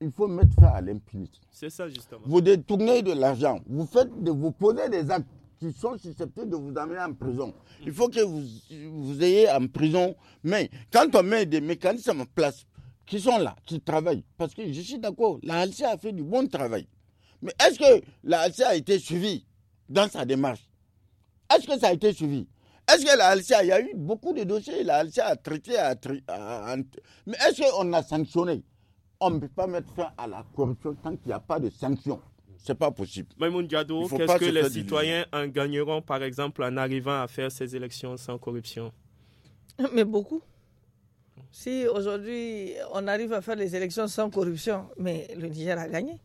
Speaker 2: il faut mettre fin à l'impunité. C'est ça, justement. Vous détournez de l'argent, vous faites vous posez des actes qui sont susceptibles de vous amener en prison. Il faut que vous, vous ayez en prison. Mais quand on met des mécanismes en place qui sont là, qui travaillent, parce que je suis d'accord, la a fait du bon travail. Mais est-ce que la a été suivie dans sa démarche Est-ce que ça a été suivi est-ce que la il y a eu beaucoup de dossiers, la a traité, a, mais est-ce qu'on a sanctionné on ne peut pas mettre fin à la corruption tant qu'il n'y a pas de sanctions. C'est pas possible. mon Diado, qu'est-ce que les citoyens
Speaker 1: en gagneront, par exemple, en arrivant à faire ces élections sans corruption
Speaker 4: Mais beaucoup. Si aujourd'hui on arrive à faire les élections sans corruption, mais le Niger a gagné.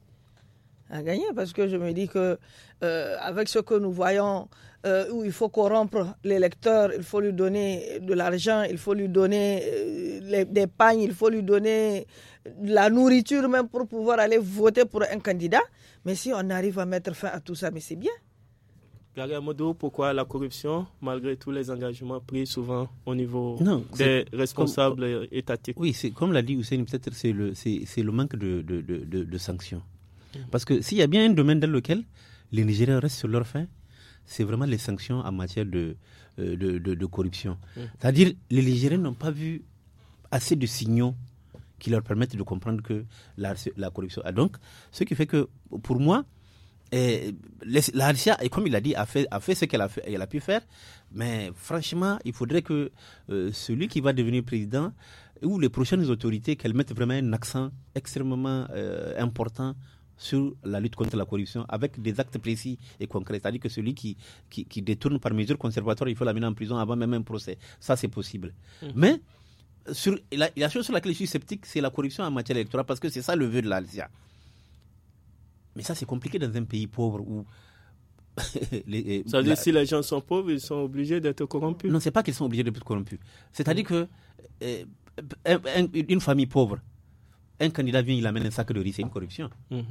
Speaker 4: A gagné parce que je me dis que euh, avec ce que nous voyons, euh, où il faut corrompre l'électeur, il faut lui donner de l'argent, il faut lui donner euh, des pagnes, il faut lui donner la nourriture même pour pouvoir aller voter pour un candidat. Mais si on arrive à mettre fin à tout ça, mais c'est bien.
Speaker 1: Gariamodo, pourquoi la corruption, malgré tous les engagements pris souvent au niveau des responsables
Speaker 3: étatiques Oui, c'est comme l'a dit Hussein, peut-être c'est le, le manque de, de, de, sanctions. Mm. Parce que s'il y a bien un domaine dans lequel les Nigériens restent sur leur faim, c'est vraiment les sanctions en matière de, euh, de, corruption. Mm. C'est-à-dire les Nigériens n'ont pas vu assez de signaux qui leur permettent de comprendre que la, corruption. a donc, ce qui fait que, pour moi, eh, et la RCA, comme il a dit, a fait, a fait ce qu'elle a, fait, elle a pu faire. Mais franchement, il faudrait que euh, celui qui va devenir président ou les prochaines autorités qu'elles mettent vraiment un accent extrêmement euh, important sur la lutte contre la corruption avec des actes précis et concrets. C'est-à-dire que celui qui, qui, détourne par mesure conservatoire, il faut l'amener en prison avant même un procès. Ça, c'est possible. Mmh. Mais la, chose sur laquelle je suis sceptique, c'est la corruption en matière
Speaker 1: électorale, parce que c'est ça le vœu de l'Alsia.
Speaker 3: Mais ça, c'est compliqué dans un pays pauvre où. Eh, ça veut dire si
Speaker 1: les gens sont pauvres, ils sont obligés d'être corrompus Non,
Speaker 3: c'est pas qu'ils sont obligés d'être corrompus. C'est-à-dire que eh, eh, une famille pauvre, un candidat vient, il amène un sac de riz, c'est une corruption. Mhm.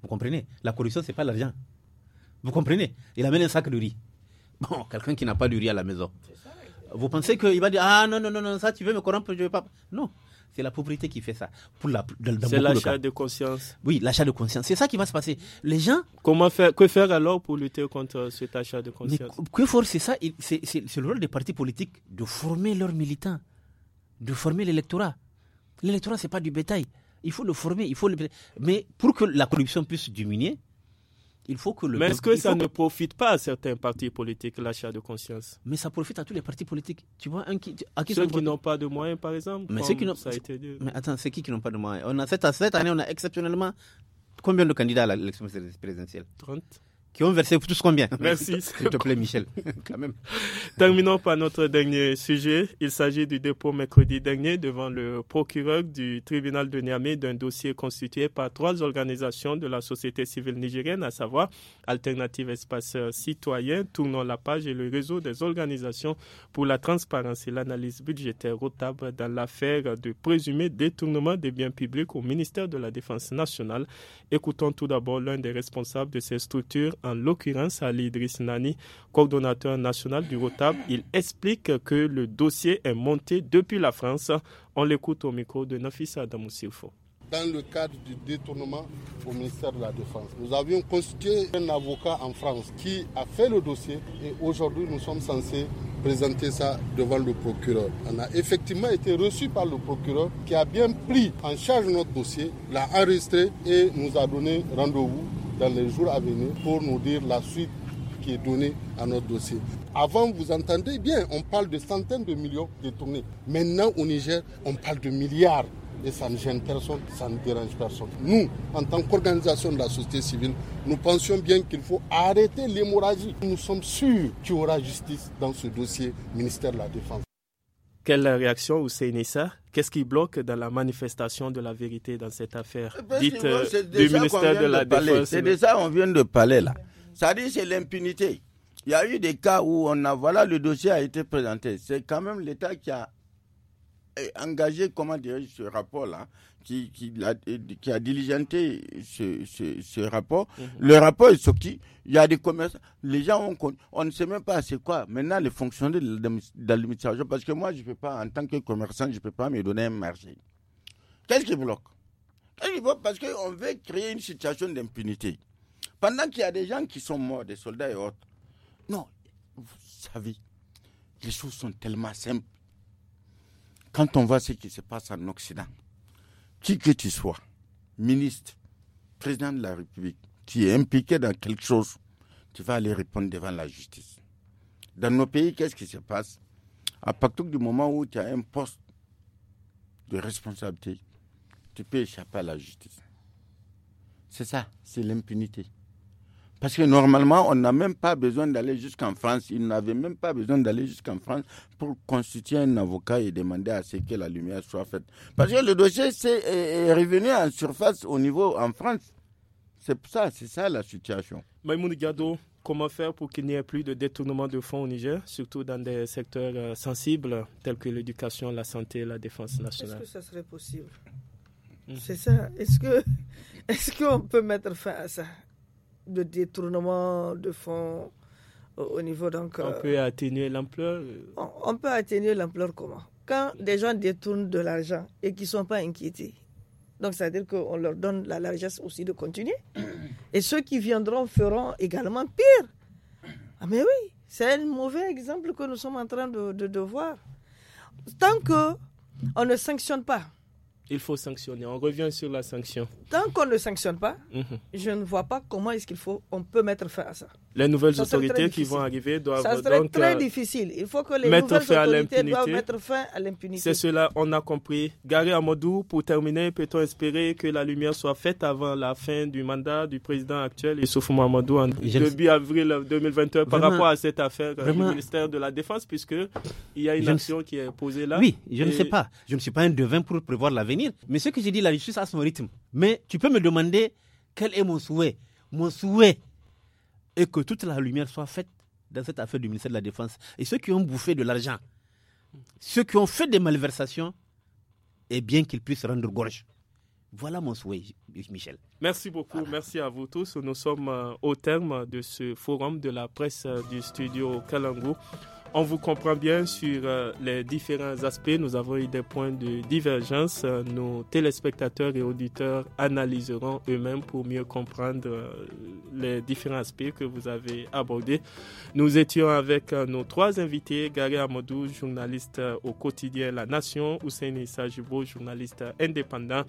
Speaker 3: Vous comprenez La corruption, c'est pas l'argent. Vous comprenez Il amène un sac de riz. Bon, quelqu'un qui n'a pas de riz à la maison. Ça. Vous pensez qu'il va dire Ah non, non, non, ça, tu veux me corrompre, je ne pas. Non. C'est la pauvreté qui fait ça. Pour la, c'est l'achat de conscience. Oui, l'achat de conscience. C'est ça qui va se passer. Les gens. Comment faire Que
Speaker 1: faire alors pour lutter contre cet achat de conscience
Speaker 3: Que faire C'est ça. C'est le rôle des partis politiques de former leurs militants, de former l'électorat. L'électorat, c'est pas du bétail.
Speaker 1: Il faut le former. Il faut Mais pour que la corruption puisse diminuer, mais est-ce que ça ne profite pas à certains partis politiques, l'achat de conscience
Speaker 3: Mais ça profite à tous les partis politiques.
Speaker 1: Tu vois, un qui... À ceux qui n'ont pas de moyens, par exemple. Mais ceux qui n'ont ça Mais attends, c'est qui qui n'ont pas de
Speaker 3: moyens on a cette, cette année, on a exceptionnellement combien de candidats à l'élection présidentielle 30 qui ont versé tous combien Merci. S'il te plaît, Michel,
Speaker 1: Terminons par notre dernier sujet. Il s'agit du dépôt mercredi dernier devant le procureur du tribunal de Niamey d'un dossier constitué par trois organisations de la société civile nigérienne, à savoir Alternative Espace Citoyen, Tournons la page et le réseau des organisations pour la transparence et l'analyse budgétaire rotable dans l'affaire de présumé détournement des biens publics au ministère de la Défense nationale. Écoutons tout d'abord l'un des responsables de ces structures en l'occurrence Ali Idris Nani, coordonnateur national du Rotab. Il explique que le dossier est monté depuis la France. On l'écoute au micro de Nafisa Adamoussilfo
Speaker 2: dans le cadre du détournement au ministère de la Défense. Nous avions constitué un avocat en France qui a fait le dossier et aujourd'hui nous sommes censés présenter ça devant le procureur. On a effectivement été reçu par le procureur qui a bien pris en charge notre dossier, l'a enregistré et nous a donné rendez-vous dans les jours à venir pour nous dire la suite qui est donnée à notre dossier. Avant, vous entendez bien, on parle de centaines de millions détournés. Maintenant, au Niger, on parle de milliards et ça ne gêne personne, ça ne dérange personne. Nous, en tant qu'organisation de la société civile, nous pensions bien qu'il faut arrêter l'hémorragie. Nous sommes sûrs qu'il y aura justice dans ce dossier ministère de la Défense.
Speaker 1: Quelle réaction au CNSA Qu'est-ce qui bloque dans la manifestation de la
Speaker 2: vérité dans cette affaire eh ben, Dites euh, du ministère de la Défense. C'est de ça on vient de parler là. Ça dit c'est l'impunité. Il y a eu des cas où on a voilà le dossier a été présenté. C'est quand même l'État qui a euh, engagé, comment dire, ce rapport-là, qui, euh, qui, a, diligenté ce, ce, rapport. Mhm. Le rapport est sorti, il y a des commerçants. les gens ont on ne sait même pas c'est quoi. Maintenant, les fonctionnaires de l'administration, parce que moi, je peux pas, en tant que commerçant, je ne peux pas me donner un marché. Qu'est-ce qui bloque Qu'est-ce qui bloque Parce qu'on veut créer une situation d'impunité. Pendant qu'il y a des gens qui sont morts, des soldats et autres, non, vous savez, les choses sont tellement simples quand on voit ce qui se passe en Occident, qui que tu sois, ministre, président de la République, tu es impliqué dans quelque chose, tu vas aller répondre devant la justice. Dans nos pays, qu'est-ce qui se passe À partir du moment où tu as un poste de responsabilité, tu peux échapper à la justice. C'est ça, c'est l'impunité. Parce que normalement, on n'a même pas besoin d'aller jusqu'en France. Ils n'avaient même pas besoin d'aller jusqu'en France pour constituer un avocat et demander à ce que la lumière soit faite. Parce que le dossier est, revenu en surface au niveau en France. C'est ça, c'est ça la situation.
Speaker 1: Maïmoun Gado, comment faire pour qu'il n'y ait plus de détournement de fonds au Niger, surtout dans des secteurs euh, sensibles tels que l'éducation, la santé, la défense nationale
Speaker 4: Est-ce que ça serait possible mhm. C'est ça. Est-ce que est-ce qu'on peut mettre fin à ça de détournement de fonds euh, au niveau donc. On euh, peut
Speaker 1: atténuer l'ampleur. Euh,
Speaker 4: on, peut atténuer l'ampleur comment Quand des gens détournent de l'argent et qu'ils ne sont pas inquiétés. Donc, c'est-à-dire qu'on leur donne la largesse aussi de continuer. Et ceux qui viendront feront également pire. Ah, mais oui, c'est un mauvais exemple que nous sommes en train de, de, de voir. Tant qu'on ne sanctionne pas. Il faut sanctionner. On revient sur la sanction tant qu'on ne le sanctionne pas, mhm. je ne vois pas comment est-ce qu'il faut, on peut mettre fin à ça. Les nouvelles autorités qui vont arriver doivent ça très euh, difficile. Il faut que les nouvelles mettre fin à l'impunité. C'est
Speaker 1: cela, on a compris. Gary Amadou, pour terminer, peut-on espérer que la lumière soit faite avant la fin du mandat du président actuel Issoufou Mamadou en début avril 2021 par rapport à cette affaire du ministère de la Défense, puisque il y a une action qui est posée là. Oui, je ne sais pas.
Speaker 3: Je ne suis pas un devin pour prévoir l'avenir. Mais ce que j'ai dit, la justice a son rythme. Mais tu peux me demander quel est mon souhait. Mon souhait est que toute la lumière soit faite dans cette affaire du ministère de la Défense. Et ceux qui ont bouffé de l'argent, ceux qui ont fait des malversations, et eh bien qu'ils puissent rendre gorge. Voilà mon souhait, Michel.
Speaker 1: Merci beaucoup, merci à vous tous. Nous sommes euh, au terme de ce forum de la presse euh, du studio Kalangu on vous comprend bien sur euh, les différents aspects. Nous avons eu des points de divergence. Euh, nos téléspectateurs et auditeurs analyseront eux-mêmes pour mieux comprendre euh, les différents aspects que vous avez abordés. Nous étions avec nos trois invités, Gary Amadou, journaliste au quotidien La Nation, Hussein Issa journaliste indépendant,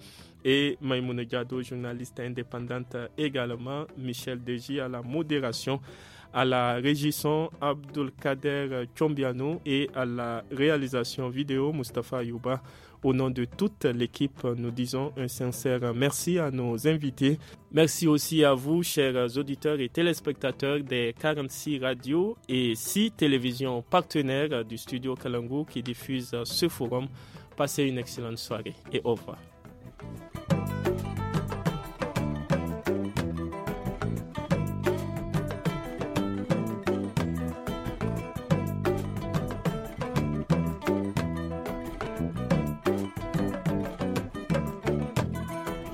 Speaker 1: et Maïmoune Gado, journaliste indépendante également, Michel Deji à la modération à la régisson Abdulkader Chombiano et à la réalisation vidéo Mustafa Yuba. Au nom de toute l'équipe, nous disons un sincère merci à nos invités. Merci aussi à vous, chers auditeurs et téléspectateurs des 46 radios et 6 télévisions partenaires du studio Kalangu qui diffusent ce forum. Passez une excellente soirée et au revoir.